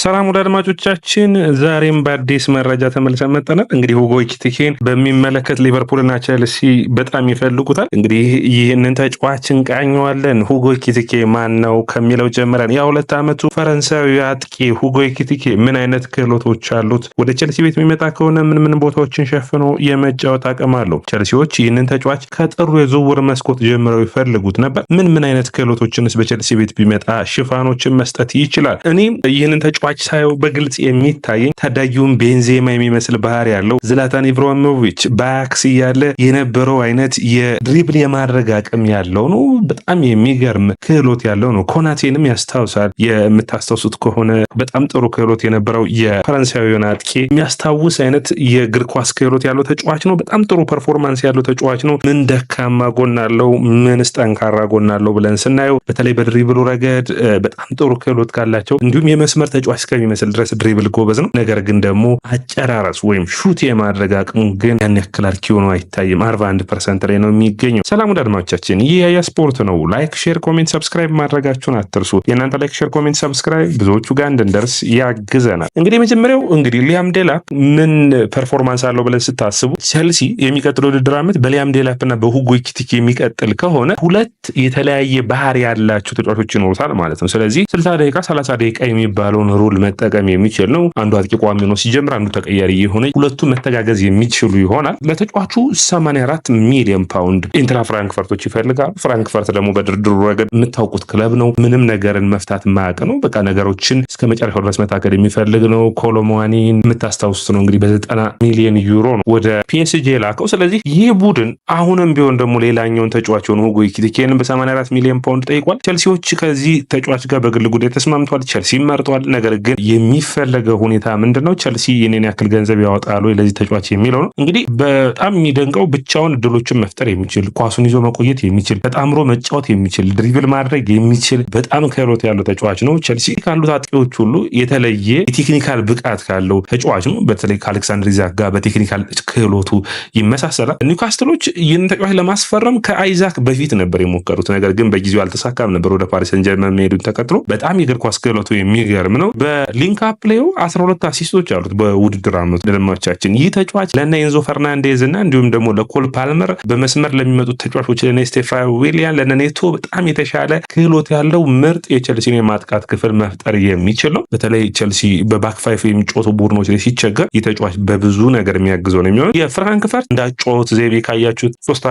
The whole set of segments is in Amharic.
ሰላም ወደ አድማጮቻችን፣ ዛሬም በአዲስ መረጃ ተመልሰን መጠናል። እንግዲህ ሁጎ ኤኪቲኬን በሚመለከት ሊቨርፑልና ቸልሲ በጣም ይፈልጉታል። እንግዲህ ይህንን ተጫዋች እንቃኘዋለን። ሁጎ ኤኪቲኬ ማን ነው ከሚለው ጀምረን የሁለት ዓመቱ ፈረንሳዊ አጥቂ ሁጎ ኤኪቲኬ ምን አይነት ክህሎቶች አሉት? ወደ ቸልሲ ቤት የሚመጣ ከሆነ ምን ምን ቦታዎችን ሸፍኖ የመጫወት አቅም አለው? ቸልሲዎች ይህንን ተጫዋች ከጥሩ የዝውውር መስኮት ጀምረው ይፈልጉት ነበር። ምን ምን አይነት ክህሎቶችንስ በቸልሲ ቤት ቢመጣ ሽፋኖችን መስጠት ይችላል? እኔም ይህንን ተጫ ተጫዋች ሳየው በግልጽ የሚታየኝ ታዳጊውን ቤንዜማ የሚመስል ባህሪ ያለው ዝላታን ኢብራሂሞቪች በአያክስ እያለ የነበረው አይነት የድሪብል የማድረግ አቅም ያለው ነው። በጣም የሚገርም ክህሎት ያለው ነው። ኮናቴንም ያስታውሳል። የምታስታውሱት ከሆነ በጣም ጥሩ ክህሎት የነበረው የፈረንሳዊውን አጥቂ የሚያስታውስ አይነት የእግር ኳስ ክህሎት ያለው ተጫዋች ነው። በጣም ጥሩ ፐርፎርማንስ ያለው ተጫዋች ነው። ምን ደካማ ጎን አለው፣ ምንስ ጠንካራ ጎን አለው ብለን ስናየው በተለይ በድሪብሉ ረገድ በጣም ጥሩ ክህሎት ካላቸው እንዲሁም የመስመር ተጫዋች ተጫዋች እስከሚመስል ድረስ ድሪብል ጎበዝ ነው። ነገር ግን ደግሞ አጨራረሱ ወይም ሹት የማድረግ አቅሙ ግን ያን ያክል አርኪ ሆኖ አይታይም። አርባ አንድ ፐርሰንት ላይ ነው የሚገኘው። ሰላም ወደ አድማጮቻችን፣ ይህ ያያ ስፖርት ነው። ላይክ፣ ሼር፣ ኮሜንት ሰብስክራይብ ማድረጋችሁን አትርሱ። የእናንተ ላይክ፣ ሼር፣ ኮሜንት ሰብስክራይብ ብዙዎቹ ጋር እንድንደርስ ያግዘናል። እንግዲህ የመጀመሪያው እንግዲህ ሊያም ዴላፕ ምን ፐርፎርማንስ አለው ብለን ስታስቡ ቸልሲ የሚቀጥለው ውድድር ዓመት በሊያም ዴላፕ እና በሁጎ ኢኪቲኬ የሚቀጥል ከሆነ ሁለት የተለያየ ባህሪ ያላቸው ተጫዋቾች ይኖሩታል ማለት ነው። ስለዚህ ስልሳ ደቂቃ ሰላሳ ደቂቃ የሚባለውን ሩል መጠቀም የሚችል ነው። አንዱ አጥቂ ቋሚ ነው ሲጀምር፣ አንዱ ተቀያሪ የሆነ ሁለቱ መተጋገዝ የሚችሉ ይሆናል። ለተጫዋቹ 84 ሚሊዮን ፓውንድ ኢንትራ ፍራንክፈርቶች ይፈልጋሉ። ፍራንክፈርት ደግሞ በድርድሩ ረገድ የምታውቁት ክለብ ነው። ምንም ነገርን መፍታት ማያቅ ነው። በቃ ነገሮችን እስከ መጨረሻው ድረስ መታከል የሚፈልግ ነው። ኮሎሞዋኒን የምታስታውሱት ነው እንግዲህ በዘጠና ሚሊዮን ዩሮ ነው ወደ ፒኤስጂ የላከው። ስለዚህ ይህ ቡድን አሁንም ቢሆን ደግሞ ሌላኛውን ተጫዋች የሆነ ሁጎ ኢኪቲኬንን በ84 ሚሊዮን ፓውንድ ጠይቋል። ቸልሲዎች ከዚህ ተጫዋች ጋር በግል ጉዳይ ተስማምተዋል። ቸልሲ መርጠዋል። ነገር ግን የሚፈለገው ሁኔታ ምንድን ነው? ቸልሲ የኔን ያክል ገንዘብ ያወጣል ወይ ለዚህ ተጫዋች የሚለው ነው። እንግዲህ በጣም የሚደንቀው ብቻውን እድሎችን መፍጠር የሚችል ኳሱን ይዞ መቆየት የሚችል ተጣምሮ መጫወት የሚችል ድሪብል ማድረግ የሚችል በጣም ክህሎት ያለው ተጫዋች ነው። ቸልሲ ካሉት አጥቂዎች ሁሉ የተለየ የቴክኒካል ብቃት ካለው ተጫዋች ነው። በተለይ ከአሌክሳንድር ኢዛክ ጋር በቴክኒካል ክህሎቱ ይመሳሰላል። ኒውካስትሎች ይህን ተጫዋች ለማስፈረም ከአይዛክ በፊት ነበር የሞከሩት፣ ነገር ግን በጊዜው አልተሳካም ነበር። ወደ ፓሪስ ሰን ጀርመን መሄዱን ተከትሎ በጣም የእግር ኳስ ክህሎቱ የሚገርም ነው። በሊንክአፕ ላይ 12 አሲስቶች አሉት በውድድር አመቱ። ደለማቻችን ይህ ተጫዋች ለእነ ኤንዞ ፈርናንዴዝ እና እንዲሁም ደግሞ ለኮል ፓልመር በመስመር ለሚመጡት ተጫዋቾች ለነ ስቴፋ ዊሊያን ለነ ኔቶ በጣም የተሻለ ክህሎት ያለው ምርጥ የቸልሲን የማጥቃት ክፍል መፍጠር የሚችል ነው። በተለይ ቸልሲ በባክፋይፍ የሚጫወቱ ቡድኖች ላይ ሲቸገር ይህ ተጫዋች በብዙ ነገር የሚያግዘው ነው የሚሆነው። የፍራንክፈርት እንዳጫወት ዜቤ ካያችሁት ሶስት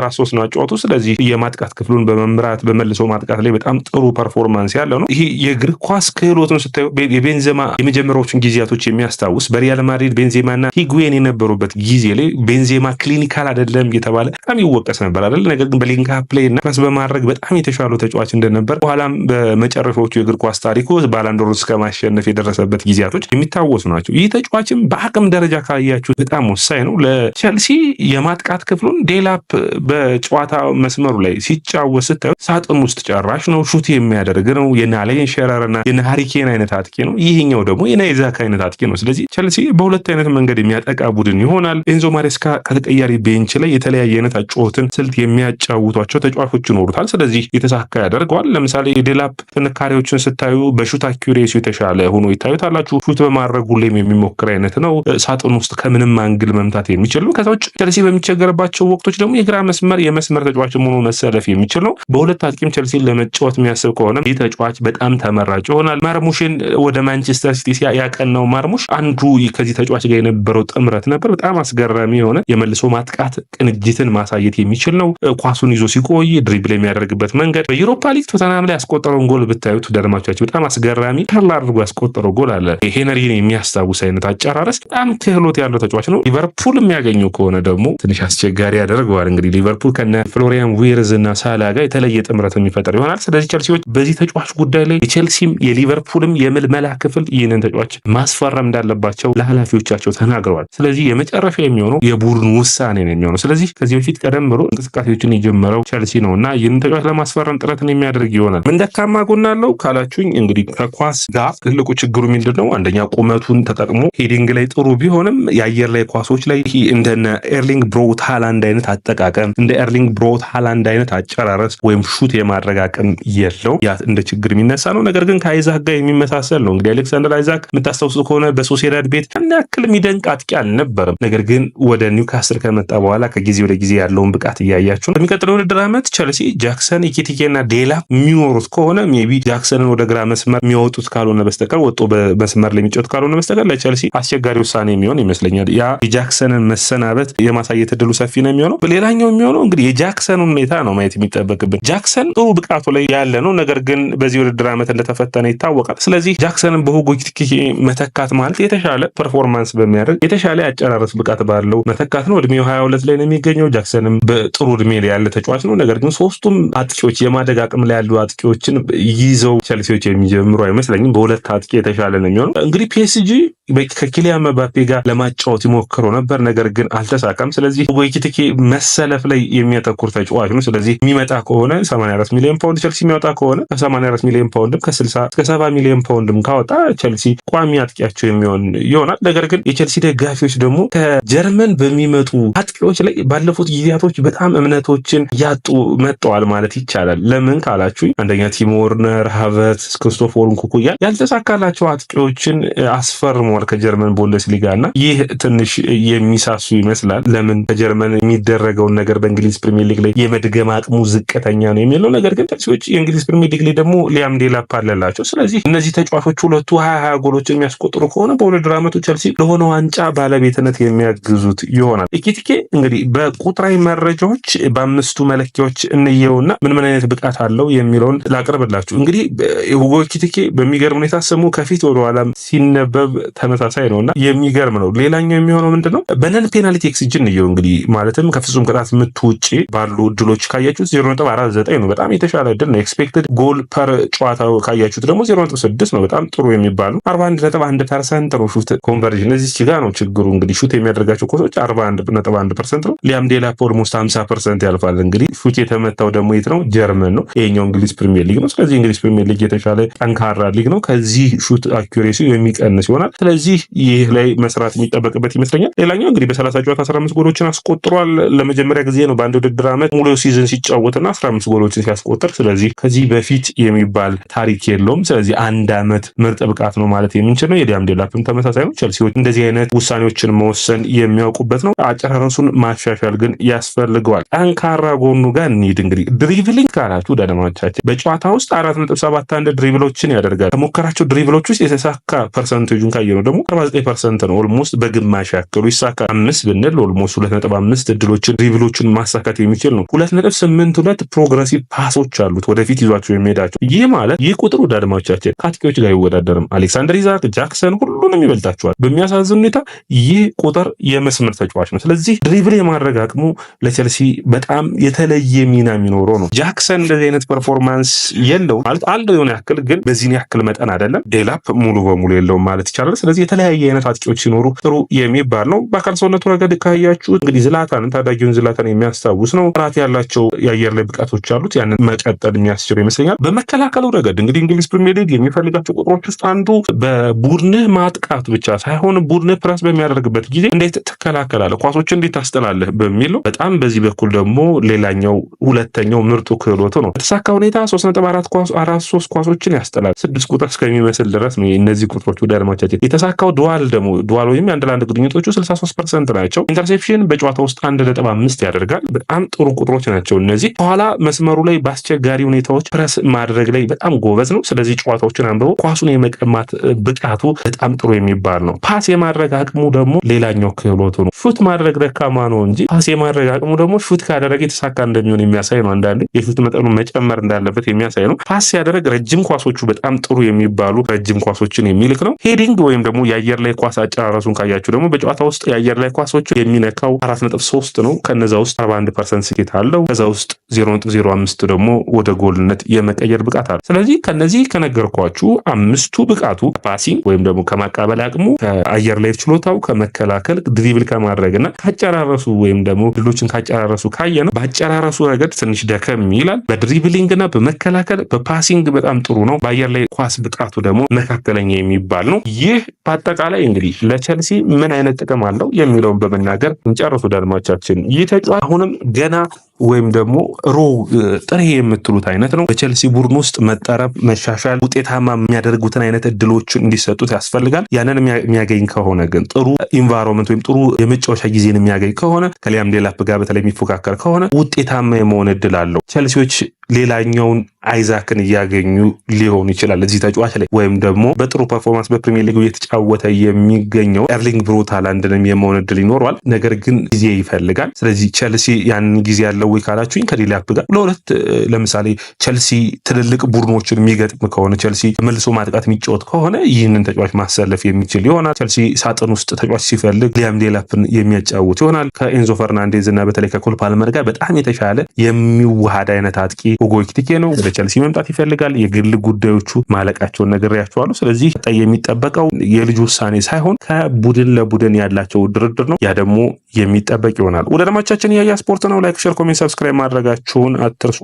አራት ሶስት ነው አጫወቱ። ስለዚህ የማጥቃት ክፍሉን በመምራት በመልሶ ማጥቃት ላይ በጣም ጥሩ ፐርፎርማንስ ያለው ነው። ይሄ የእግር ኳስ ክህሎት ህይወቱን ስታዩ የቤንዜማ የመጀመሪያዎቹን ጊዜያቶች የሚያስታውስ በሪያል ማድሪድ ቤንዜማና ሂጉዌን የነበሩበት ጊዜ ላይ ቤንዜማ ክሊኒካል አይደለም እየተባለ በጣም ይወቀስ ነበር አይደል? ነገር ግን በሊንካ ፕሌይ እና ፓስ በማድረግ በጣም የተሻለ ተጫዋች እንደነበር በኋላም በመጨረሻዎቹ የእግር ኳስ ታሪኮ ባላንዶሩን እስከ ማሸነፍ የደረሰበት ጊዜያቶች የሚታወሱ ናቸው። ይህ ተጫዋችም በአቅም ደረጃ ካያችሁ በጣም ወሳኝ ነው። ለቸልሲ የማጥቃት ክፍሉን ዴላፕ በጨዋታ መስመሩ ላይ ሲጫወት ስታዩ ሳጥን ውስጥ ጨራሽ ነው፣ ሹት የሚያደርግ ነው። የናሌን ሸረርና የናሪኬ የኬን አይነት አጥቂ ነው። ይህኛው ደግሞ የናይዛካ አይነት አጥቂ ነው። ስለዚህ ቸልሲ በሁለት አይነት መንገድ የሚያጠቃ ቡድን ይሆናል። ኤንዞ ማሬስካ ከተቀያሪ ቤንች ላይ የተለያየ አይነት አጫወትን ስልት የሚያጫውቷቸው ተጫዋቾች ይኖሩታል። ስለዚህ የተሳካ ያደርገዋል። ለምሳሌ የዴላፕ ጥንካሬዎችን ስታዩ በሹት አኪሬሲው የተሻለ ሆኖ ይታዩታላችሁ። ሹት በማድረጉ ላይም የሚሞክር አይነት ነው። ሳጥን ውስጥ ከምንም አንግል መምታት የሚችል ነው። ከዛ ውጭ ቸልሲ በሚቸገርባቸው ወቅቶች ደግሞ የግራ መስመር የመስመር ተጫዋች ሆኖ መሰለፍ የሚችል ነው። በሁለት አጥቂም ቸልሲን ለመጫወት የሚያስብ ከሆነ ይህ ተጫዋች በጣም ተመራጭ ይሆናል። ማርሙሽን ወደ ማንቸስተር ሲቲ ያቀናው ማርሙሽ አንዱ ከዚህ ተጫዋች ጋር የነበረው ጥምረት ነበር። በጣም አስገራሚ የሆነ የመልሶ ማጥቃት ቅንጅትን ማሳየት የሚችል ነው። ኳሱን ይዞ ሲቆይ ድሪብል የሚያደርግበት መንገድ በዩሮፓ ሊግ ቶተናም ላይ ያስቆጠረውን ጎል ብታዩት ደርማቻቸው በጣም አስገራሚ ተላ አድርጎ ያስቆጠረው ጎል አለ። ሄነሪን የሚያስታውስ አይነት አጨራረስ በጣም ክህሎት ያለው ተጫዋች ነው። ሊቨርፑል የሚያገኘው ከሆነ ደግሞ ትንሽ አስቸጋሪ ያደርገዋል። እንግዲህ ሊቨርፑል ከነ ፍሎሪያን ዊርዝ እና ሳላ ጋር የተለየ ጥምረት የሚፈጠር ይሆናል። ስለዚህ ቸልሲዎች በዚህ ተጫዋች ጉዳይ ላይ የቸልሲም የሊቨርፑል ሊቨርፑልም የምልመላ ክፍል ይህንን ተጫዋች ማስፈረም እንዳለባቸው ለኃላፊዎቻቸው ተናግረዋል። ስለዚህ የመጨረሻ የሚሆነው የቡድን ውሳኔ ነው የሚሆነው። ስለዚህ ከዚህ በፊት ቀደም ብሎ እንቅስቃሴዎችን የጀመረው ቸልሲ ነው እና ይህንን ተጫዋች ለማስፈረም ጥረትን የሚያደርግ ይሆናል። ምን ደካማ ጎን አለው ካላችሁኝ፣ እንግዲህ ከኳስ ጋር ትልቁ ችግሩ ምንድን ነው? አንደኛ ቁመቱን ተጠቅሞ ሄዲንግ ላይ ጥሩ ቢሆንም የአየር ላይ ኳሶች ላይ እንደነ ኤርሊንግ ብሮት ሃላንድ አይነት አጠቃቀም እንደ ኤርሊንግ ብሮት ሃላንድ አይነት አጨራረስ ወይም ሹት የማድረግ አቅም የለው። ያ እንደ ችግር የሚነሳ ነው። ነገር ግን ከአይዛ ጋር የሚመሳሰል ነው። እንግዲህ አሌክሳንደር አይዛክ የምታስታውሱ ከሆነ በሶሴዳድ ቤት ያን ያክል የሚደንቅ አጥቂ አልነበረም። ነገር ግን ወደ ኒውካስል ከመጣ በኋላ ከጊዜ ወደ ጊዜ ያለውን ብቃት እያያችሁ ነው። በሚቀጥለው ውድድር ዓመት ቸልሲ ጃክሰን፣ ኢኬቲኬና ዴላ የሚኖሩት ከሆነ ሜቢ ጃክሰንን ወደ ግራ መስመር የሚያወጡት ካልሆነ በስተቀር ወጦ በመስመር ላይ የሚጫወት ካልሆነ በስተቀር ለቸልሲ አስቸጋሪ ውሳኔ የሚሆን ይመስለኛል። ያ የጃክሰንን መሰናበት የማሳየት እድሉ ሰፊ ነው የሚሆነው። በሌላኛው የሚሆነው እንግዲህ የጃክሰን ሁኔታ ነው ማየት የሚጠበቅብን። ጃክሰን ጥሩ ብቃቱ ላይ ያለ ነው። ነገር ግን በዚህ ውድድር ዓመት እንደተፈተነ ይታወቃል። ይታወቃል። ስለዚህ ጃክሰንን በሁጎ ኤኪቲኬ መተካት ማለት የተሻለ ፐርፎርማንስ በሚያደርግ የተሻለ የአጨራረስ ብቃት ባለው መተካት ነው። እድሜው ሀያ ሁለት ላይ ነው የሚገኘው። ጃክሰንም በጥሩ እድሜ ላይ ያለ ተጫዋች ነው። ነገር ግን ሶስቱም አጥቂዎች የማደግ አቅም ላይ ያሉ አጥቂዎችን ይዘው ቸልሲዎች የሚጀምሩ አይመስለኝም። በሁለት አጥቂ የተሻለ ነው የሚሆነው። እንግዲህ ፒኤስጂ ከኪሊያን መባፔ ጋር ለማጫወት ይሞክረው ነበር፣ ነገር ግን አልተሳካም። ስለዚህ ሁጎ ኤኪቲኬ መሰለፍ ላይ የሚያተኩር ተጫዋች ነው። ስለዚህ የሚመጣ ከሆነ 84 ሚሊዮን ፓውንድ ቸልሲ የሚያወጣ ከሆነ 84 ሚሊዮን ፓውንድም ከ60 እስከ 70 ሚሊዮን ፓውንድም ካወጣ ቸልሲ ቋሚ አጥቂያቸው የሚሆን ይሆናል። ነገር ግን የቸልሲ ደጋፊዎች ደግሞ ከጀርመን በሚመጡ አጥቂዎች ላይ ባለፉት ጊዜያቶች በጣም እምነቶችን ያጡ መጠዋል ማለት ይቻላል። ለምን ካላችሁ አንደኛ ቲም ወርነር፣ ሃቨርትዝ፣ ክርስቶፎር ንኩኩ ያልተሳካላቸው አጥቂዎችን አስፈርመዋል ከጀርመን ሊጋ እና ይህ ትንሽ የሚሳሱ ይመስላል። ለምን ከጀርመን የሚደረገውን ነገር በእንግሊዝ ፕሪሚየር ሊግ ላይ የመድገም አቅሙ ዝቅተኛ ነው የሚለው ነገር ግን ቸልሲዎች የእንግሊዝ ፕሪሚየር ሊግ ላይ ደግሞ ሊያም ዴላፕ አለላቸው። ስለዚህ እነዚህ ተጫዋቾች ሁለቱ ሀያ ሀያ ጎሎች የሚያስቆጥሩ ከሆነ በውድድር ዓመቱ ቸልሲ ለሆነ ዋንጫ ባለቤትነት የሚያግዙት ይሆናል። ኢኪቲኬ እንግዲህ በቁጥራዊ መረጃዎች በአምስቱ መለኪያዎች እንየውና ምን ምን አይነት ብቃት አለው የሚለውን ላቅርብላችሁ። እንግዲህ ሁጎ ኢኪቲኬ በሚገርም ሁኔታ ስሙ ከፊት ወደኋላ ሲነበብ ተመሳሳይ ነውና የሚገርም ነው። ሌላኛው የሚሆነው ምንድን ነው? በነን ፔናልቲ ኤክስጂ እንየው እንግዲህ ማለትም ከፍጹም ቅጣት ምት ውጭ ባሉ እድሎች ካያችሁት ዜሮ ነጥብ አራት ዘጠኝ ነው። በጣም የተሻለ እድል ነው። ኤክስፔክትድ ጎል ፐር ጨዋታ ካያችሁት ደግሞ ዜሮ ስድስት ነው። በጣም ጥሩ የሚባሉ አርባ አንድ ነጥብ አንድ ፐርሰንት ነው ሹት ኮንቨርዥን። እዚህ ጋ ነው ችግሩ እንግዲህ ሹት የሚያደርጋቸው ኮሶች አርባ አንድ ነጥብ አንድ ፐርሰንት ነው። ሊያም ዴላፕ ኦልሞስት ሀምሳ ፐርሰንት ያልፋል። እንግዲህ ሹት የተመታው ደግሞ የት ነው? ጀርመን ነው። ይሄኛው እንግሊዝ ፕሪሚየር ሊግ ነው። ስለዚህ እንግሊዝ ፕሪሚየር ሊግ የተሻለ ጠንካራ ሊግ ነው። ከዚህ ሹት አኪሬሲ የሚቀንስ ይሆናል። ስለዚህ ይህ ላይ መስራት የሚጠበቅበት ይመስለኛል። ሌላኛው እንግዲህ በሰላሳ ጨዋታ አስራ አምስት ጎሎችን አስቆጥሯል። ለመጀመሪያ ጊዜ ነው በአንድ ውድድር ዓመት ሙሉ ሲዝን ሲጫወትና አስራ አምስት ጎሎችን ሲያስቆጥር። ስለዚህ ከዚህ በፊት የሚባል ታሪክ የለውም። ስለዚህ የአንድ ዓመት ምርጥ ብቃት ነው ማለት የምንችል ነው። የዲያም ዴላፕም ተመሳሳይ ነው። ቸልሲዎች እንደዚህ አይነት ውሳኔዎችን መወሰን የሚያውቁበት ነው። አጨራረሱን ማሻሻል ግን ያስፈልገዋል። ጠንካራ ጎኑ ጋር እንሂድ። እንግዲህ ድሪቭሊንግ ካላችሁ ደደማቻችን በጨዋታ ውስጥ አራት ነጥብ ሰባት አንድ ድሪቭሎችን ያደርጋል። ከሞከራቸው ድሪቭሎች ውስጥ የተሳካ ፐርሰንቴጁን ነው ደግሞ አርባ ዘጠኝ ፐርሰንት ነው። ኦልሞስት በግማሽ ያክሉ ይሳካል። አምስት ብንል ኦልሞስት ሁለት ነጥብ አምስት እድሎችን ድሪቭሎችን ማሳካት የሚችል ነው። ሁለት ነጥብ ስምንት ሁለት ፕሮግረሲቭ ፓሶች አሉት ወደፊት ይዟቸው የሚሄዳቸው ይህ ማለት ይህ ቁጥሩ አድማቻችን ከአጥቂዎች ጋር አይወዳደርም። አሌክሳንደር ኢዛክ፣ ጃክሰን ሁሉንም ይበልጣቸዋል። በሚያሳዝን ሁኔታ ይህ ቁጥር የመስመር ተጫዋች ነው። ስለዚህ ድሪብል የማድረግ አቅሙ ለቼልሲ በጣም የተለየ ሚና የሚኖረው ነው። ጃክሰን እንደዚህ አይነት ፐርፎርማንስ የለውም ማለት አለው የሆነ ያክል ግን በዚህን ያክል መጠን አይደለም። ዴላፕ ሙሉ በሙሉ የለውም ማለት ይቻላል። ስለዚህ የተለያየ አይነት አጥቂዎች ሲኖሩ ጥሩ የሚባል ነው። በአካል ሰውነቱ ረገድ ካያችሁት እንግዲህ ዝላታን ታዳጊውን ዝላታን የሚያስታውስ ነው። ጥራት ያላቸው የአየር ላይ ብቃቶች አሉት። ያንን መቀጠል የሚያስችለው ይመስለኛል። በመከላከሉ ረገድ እንግዲህ እንግሊዝ ፕሪሚየር ሊግ የሚፈልጋቸው ቁጥሮች ውስጥ አንዱ በቡድንህ ማጥቃት ብቻ ሳይሆን ቡድንህ ፕረስ በሚያደርግበት ጊዜ እንዴት ትከላከላለህ፣ ኳሶችን እንዴት ታስጠላለህ በሚል ነው። በጣም በዚህ በኩል ደግሞ ሌላኛው ሁለተኛው ምርጡ ክህሎቱ ነው። በተሳካ ሁኔታ ሶስት ነጥብ አራት አራት ሶስት ኳሶችን ያስጠላል። ስድስት ቁጥር እስከሚመስል ድረስ ነው። እነዚህ ቁጥሮች ወደ አድማቻችን የተሳካው ድዋል ደግሞ ድዋል ወይም የአንድ ለአንድ ግንኙነቶቹ ስልሳ ሶስት ፐርሰንት ናቸው። ኢንተርሴፕሽን በጨዋታ ውስጥ አንድ ነጥብ አምስት ያደርጋል። በጣም ጥሩ ቁጥሮች ናቸው እነዚህ። ከኋላ መስመሩ ላይ በአስቸጋሪ ሁኔታዎች ፕረስ ማድረግ ላይ በጣም ጎበዝ ነው። ስለዚህ ጨዋታዎች ኳሶችን አንብቦ ኳሱን የመቀማት ብቃቱ በጣም ጥሩ የሚባል ነው። ፓስ የማድረግ አቅሙ ደግሞ ሌላኛው ክህሎቱ ነው። ሹት ማድረግ ደካማ ነው እንጂ ፓስ የማድረግ አቅሙ ደግሞ ሹት ካደረገ የተሳካ እንደሚሆን የሚያሳይ ነው። አንዳንዴ የሹት መጠኑ መጨመር እንዳለበት የሚያሳይ ነው። ፓስ ሲያደረግ ረጅም ኳሶቹ በጣም ጥሩ የሚባሉ ረጅም ኳሶችን የሚልክ ነው። ሄዲንግ ወይም ደግሞ የአየር ላይ ኳስ አጨራረሱን ካያችሁ ደግሞ በጨዋታ ውስጥ የአየር ላይ ኳሶችን የሚነካው አራት ነጥብ ሶስት ነው። ከነዛ ውስጥ አርባ አንድ ፐርሰንት ስኬት አለው። ከዛ ውስጥ ዜሮ ነጥብ ዜሮ አምስት ደግሞ ወደ ጎልነት የመቀየር ብቃት አለ። ስለዚህ ከነዚህ ከነገርኳ እንዳልኳችሁ አምስቱ ብቃቱ ፓሲንግ ወይም ደግሞ ከማቃበል አቅሙ፣ ከአየር ላይ ችሎታው፣ ከመከላከል፣ ድሪብል ከማድረግ እና ካጨራረሱ ወይም ደግሞ ድሎችን ካጨራረሱ ካየ ነው። በአጨራረሱ ረገድ ትንሽ ደከም ይላል። በድሪብሊንግ እና በመከላከል በፓሲንግ በጣም ጥሩ ነው። በአየር ላይ ኳስ ብቃቱ ደግሞ መካከለኛ የሚባል ነው። ይህ በአጠቃላይ እንግዲህ ለቸልሲ ምን አይነት ጥቅም አለው የሚለውን በመናገር እንጨርሱ። ዳድማቻችን ይህ ተጫዋች አሁንም ገና ወይም ደግሞ ሮ ጥሬ የምትሉት አይነት ነው። በቼልሲ ቡድን ውስጥ መጠረብ፣ መሻሻል፣ ውጤታማ የሚያደርጉትን አይነት እድሎችን እንዲሰጡት ያስፈልጋል። ያንን የሚያገኝ ከሆነ ግን ጥሩ ኢንቫይሮንመንት ወይም ጥሩ የመጫወቻ ጊዜን የሚያገኝ ከሆነ ከሊያም ዴላፕ ጋር በተለይ የሚፎካከር ከሆነ ውጤታማ የመሆን እድል አለው። ቼልሲዎች ሌላኛውን አይዛክን እያገኙ ሊሆን ይችላል እዚህ ተጫዋች ላይ ወይም ደግሞ በጥሩ ፐርፎርማንስ በፕሪሚየር ሊግ እየተጫወተ የሚገኘው ኤርሊንግ ብሩታል ሃላንድንም የመሆን እድል ይኖረዋል። ነገር ግን ጊዜ ይፈልጋል። ስለዚህ ቸልሲ ያንን ጊዜ ያለው ወይ ካላችሁኝ ከዲላፕ ጋር ለሁለት ለምሳሌ ቸልሲ ትልልቅ ቡድኖችን የሚገጥም ከሆነ ቸልሲ መልሶ ማጥቃት የሚጫወት ከሆነ ይህንን ተጫዋች ማሰለፍ የሚችል ይሆናል። ቸልሲ ሳጥን ውስጥ ተጫዋች ሲፈልግ ሊያም ሌላፕን የሚያጫውት ይሆናል። ከኤንዞ ፈርናንዴዝ እና በተለይ ከኮል ፓልመር ጋር በጣም የተሻለ የሚዋሃድ አይነት አጥቂ ሁጎ ኤኪቲኬ ነው። ወደ ቸልሲ መምጣት ይፈልጋል። የግል ጉዳዮቹ ማለቃቸውን ነግሬያቸዋለሁ። ስለዚህ ቀጣይ የሚጠበቀው የልጁ ውሳኔ ሳይሆን ከቡድን ለቡድን ያላቸው ድርድር ነው። ያ ደግሞ የሚጠበቅ ይሆናል። ወደ ደማቻችን ያያ ስፖርት ነው። ላይክ፣ ሼር፣ ኮሜንት፣ ሰብስክራይብ ማድረጋችሁን አትርሱ።